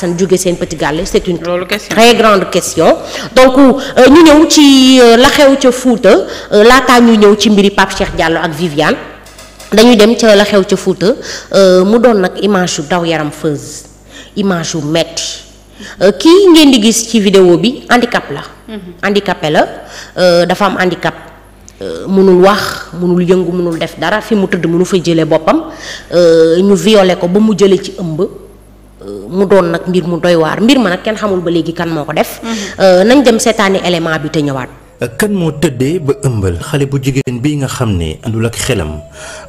Assane jóge seen petit gàlle c'est une très grande question donc euh, ñu ñëw ci euh, la xew ca Fuuta euh, laataa ñu ñëw ci mbiri Pape Cheikh ak Viviane dañuy dem ca la xew ca Fuuta mu doon nag image yu daw yaram feuse image yu metti kii ngeen di gis ci vidéo bi handicap la mhm. handicapé la dafa am handicap mënul wax mënul yëngu mënul def dara fi mu tëdd mënu fa jële boppam ñu violé ko ba mu jële ci ëmb Euh, mu doon nag mbir mu doy waar mbir ma nag kenn xamul ba léegi kan moo ko def. Mhm. Euh, nañ dem seetaani élément bi te ñëwaat. Euh, kan moo tëddee ba ëmbal xale bu jigéen bi nga xam ne àndul ak xelam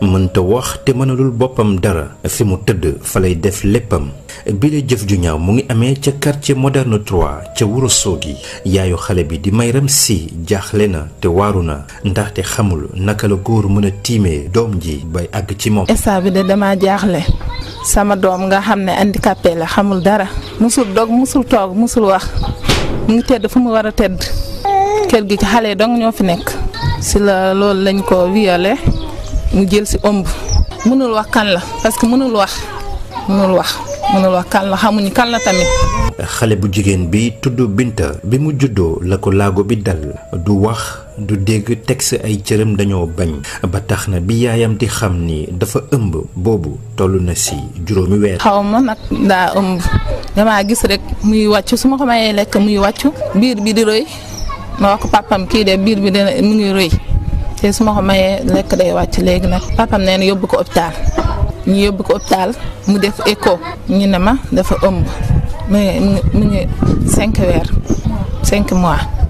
mënta wax te mënalul boppam dara fi mu tëdd fa lay def léppam bi la jëf ju ñaaw mu ngi amee ca quartier moderne 3 ca Ourossogui yaayu xale bi di may rem si jaaxle na te waaru na ndaxte xamul naka la góor mën a tiimee doom ji bay àgg ci moom. instant bi de dama jaaxle. sama doom nga xam ne handicapé la xamul dara musul dog mosul toog musul wax mu ngi tedd fu mu war a tedd kër gi xale yi dong ñoo fi nekk si la loolu lañ ko violé mu jël si ëmb mënul wax kan la parce que mënul wax mënul wax mënul wax kan la xamuñu kan la tamit. xale bu jigéen bi tudd Binta bi mu juddoo la ko laago bi dal du wax. du dégg teg sa ay cëram dañoo bañ ba tax na bi yaayam di xam ni dafa ëmb boobu toll na si juróomi weer. xaw ma nag daa ëmb damaa gis rek muy wàcc su ma ko mayee lekk muy wàcc biir bi di rëy ma wax ko papam kii de biir bi dina mu ngi rëy te su ma ko mayee lekk day wàcc léegi nag papam nee yóbbu ko hôpital ñu yóbbu ko hôpital mu def écho ñu ne ma dafa ëmb mu ngi mu ngi cinq weer cinq mois.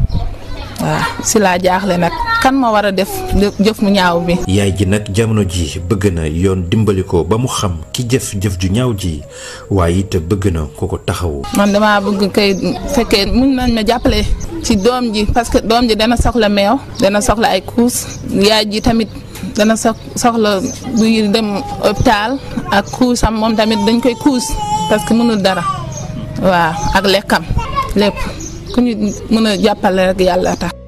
waaw si laa jaaxle nag kan ma war a def jëf mu ñaaw bi. yaay ji nag jamono ji bëgg na yoon dimbali ko ba mu xam ki jëf jëf ju ñaaw ji waaye it bëgg na ko ko taxawu. man bëgg kay fekkee mun nañ ma jàppale ci doom ji parce que doom ji dana soxla meew dana soxla ay kuus yaay ji tamit. dana sox soxla buy dem hôpital ak kuusam moom tamit dañ koy kuus parce mënul dara waaw ak lekkam lépp ku ñu mën a jàppale rek yàlla tax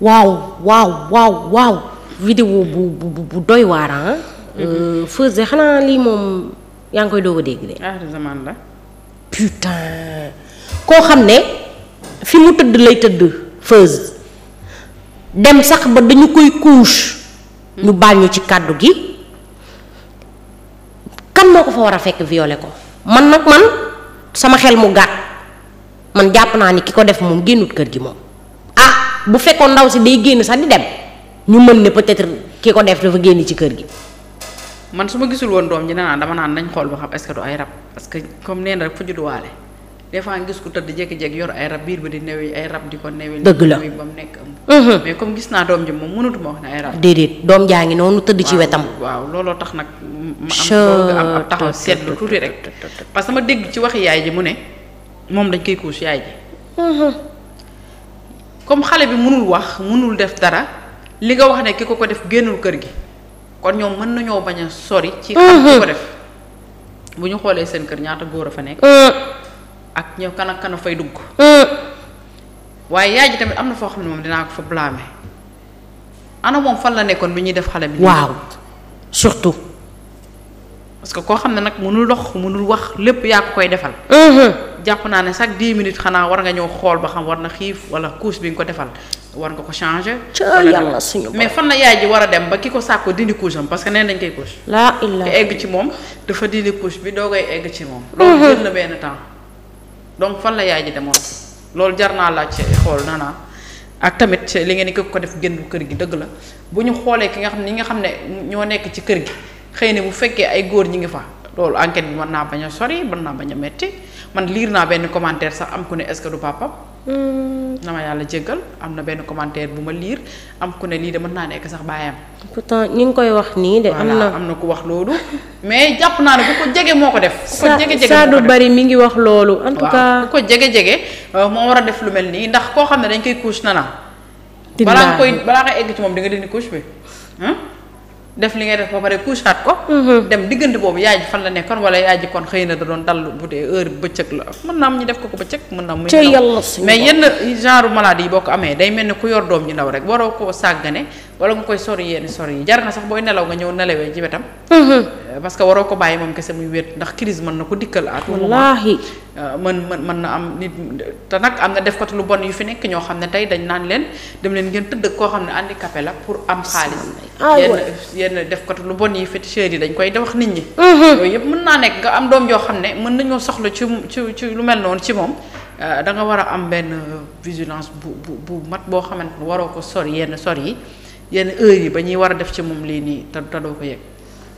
waaw waaw waaw waaw vidéo bu bu bu doy waar ah. Mhm. Euh, Feuze xanaa lii moom yaa ngi koy doog a dégg de. aaxiru ah, zaman la. putain koo xam ne fi mu tëdd lay tëdd Feuze dem sax ba dañu koy couche. Mhm. ñu baal ci kàddu gi. kan moo ko fa war a fekk violé ko man nag man sama xel mu gàtt man jàpp naa ni ki ko def moom génnut kër gi moom. bu fekkoon ndaw si day génn sax di dem ñu mën ne peut-être ki ko def dafa génn ci kër gi. man su ma gisul woon doom ji nee naa dama naan nañ xool ba xam est ay rab parce que comme nee na rek fu judduwaale des fois nga gis ko tëdd jékki-jékki yor ay rab biir ba di newee ay rab di ko newee. dëgg la mhm. mais comme gis naa doom ji moom mënatuma wax ne ay rab. déedéet doom jaa ngi noonu tëdd ci wetam. waaw looloo tax nag. ma am taxaw seetlu tuuti rek. parce que dégg ci wax yaay ji mu ne moom dañ koy kuus yaay ji. Mhm. comme xale bi mënul wax mënul def dara li nga wax ne ki ko ko def génnul kër gi kon ñoom mën nañoo bañ a sori. ci xam mhm. ko def bu ñu xoolee seen kër ñaata góor a fa nekk. Mhm. ak ñëw kan kana kan fay dugg. Mhm. waaye yaay ji tamit am na foo xam ne moom dinaa ko fa blâmer ana moom fan la nekkoon bi ñuy def xale bi. waaw surtout. parce que koo xam ne nag mënul dox mënul wax lépp yaa ko koy defal. jàpp naa ne chaque dix minutes xanaa war nga ñëw xool ba xam war na xiif wala couche bi nga ko defal war nga ko changer. ca yàlla suñu mais fan la yaay ji war a dem ba ki ko sàkko dindi couche am parce que neen dañ koy couche. laa illah egg ci moom dafa dindi couche bi doo koy egg ci moom. loolu mhm. jël na benn temps donc fan la yaay ji demoon loolu jar naa laaj xool nana ak tamit li ngeen ko ko def génn kër gi dëgg la bu ñu xoolee ki nga xam ni nga xam ne ñoo nekk ci kër gi xëy na bu fekkee ay góor ñi ngi fa. loolu enquête bi mën naa bañ a sori mën naa bañ a metti man liir naa benn commentaire sax am ku ne est-ce que du papam hmm. na ma yàlla jéggal am na benn commentaire bu ma liir am ku ne lii de mën naa nekk sax baayam. pourtant ñi ngi koy wax nii de. am na am na ku wax loolu. mais jàpp naa ne ko jege moo ko def. ku jege jege saa du bari mi ngi wax loolu. en ku ko jege jege euh, moo war a def lu mel nii ndax koo xam ne dañ koy couche na na. balaa nga koy balaa nga egg ci moom di nga dindi couche bi. def li ngay def ba pare couchaat ko. Mhm. dem diggante boobu yaay ji fan la nekkoon wala yaay ji kon xëy na da doon dal bu dee heure bëccëg la mën naa am ñu def ko ko bëccëg mën naa. muy mais yenn genre maladie yi boo ko amee day mel ni ku yor doom ji ndaw rek waroo koo sàggane wala nga koy sori yenn sori yi jar na sax booy nelaw nga ñëw nelawee ci wetam. Mhm. parce que waroo ko bàyyi moom kese muy wéet ndax crise mën na ko dikkal à tout moment euh, mën mën mën na am nit te nag am na def ko lu bon yu fi nekk ñoo xam ne tey dañ naan leen dem leen ngeen tëdd koo xam ne kafe la pour am xaalis yenn ah, yenn def ko lu bon yi féticheurs yi dañ koy wax nit ñi mhm. yooyu yëpp mën naa nekk nga am doom joo xam ne mën nañoo soxla ci ci ci lu mel noonu ci moom euh, da nga war a am benn vigilance bu bu bu mat boo xamante waroo ko sori yenn sori yi yenn heures yi ba ñuy war a def ci moom lii nii te te ko yëg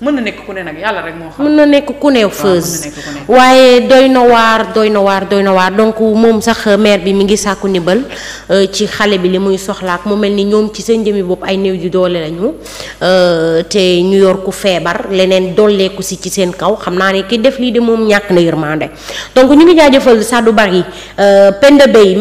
mën na nekk ku ne nag yàlla rek moo xam. na nekk ku ne feuse waaye doy na waar doy na waar doy na waar donc moom sax maire bi mi ngi sàkku ndimbal euh, ci xale bi li muy soxlaak mu mel ni ñoom ci seen jëmmi bopp ay néew ju doole lañu euh, te ñu yor ku feebar leneen dolleeku si ci seen kaw xam naa ne ki def lii de moom ñàkk na yërmande donc ñu ngi jaajëfal Sadou Barry euh, Penda Bey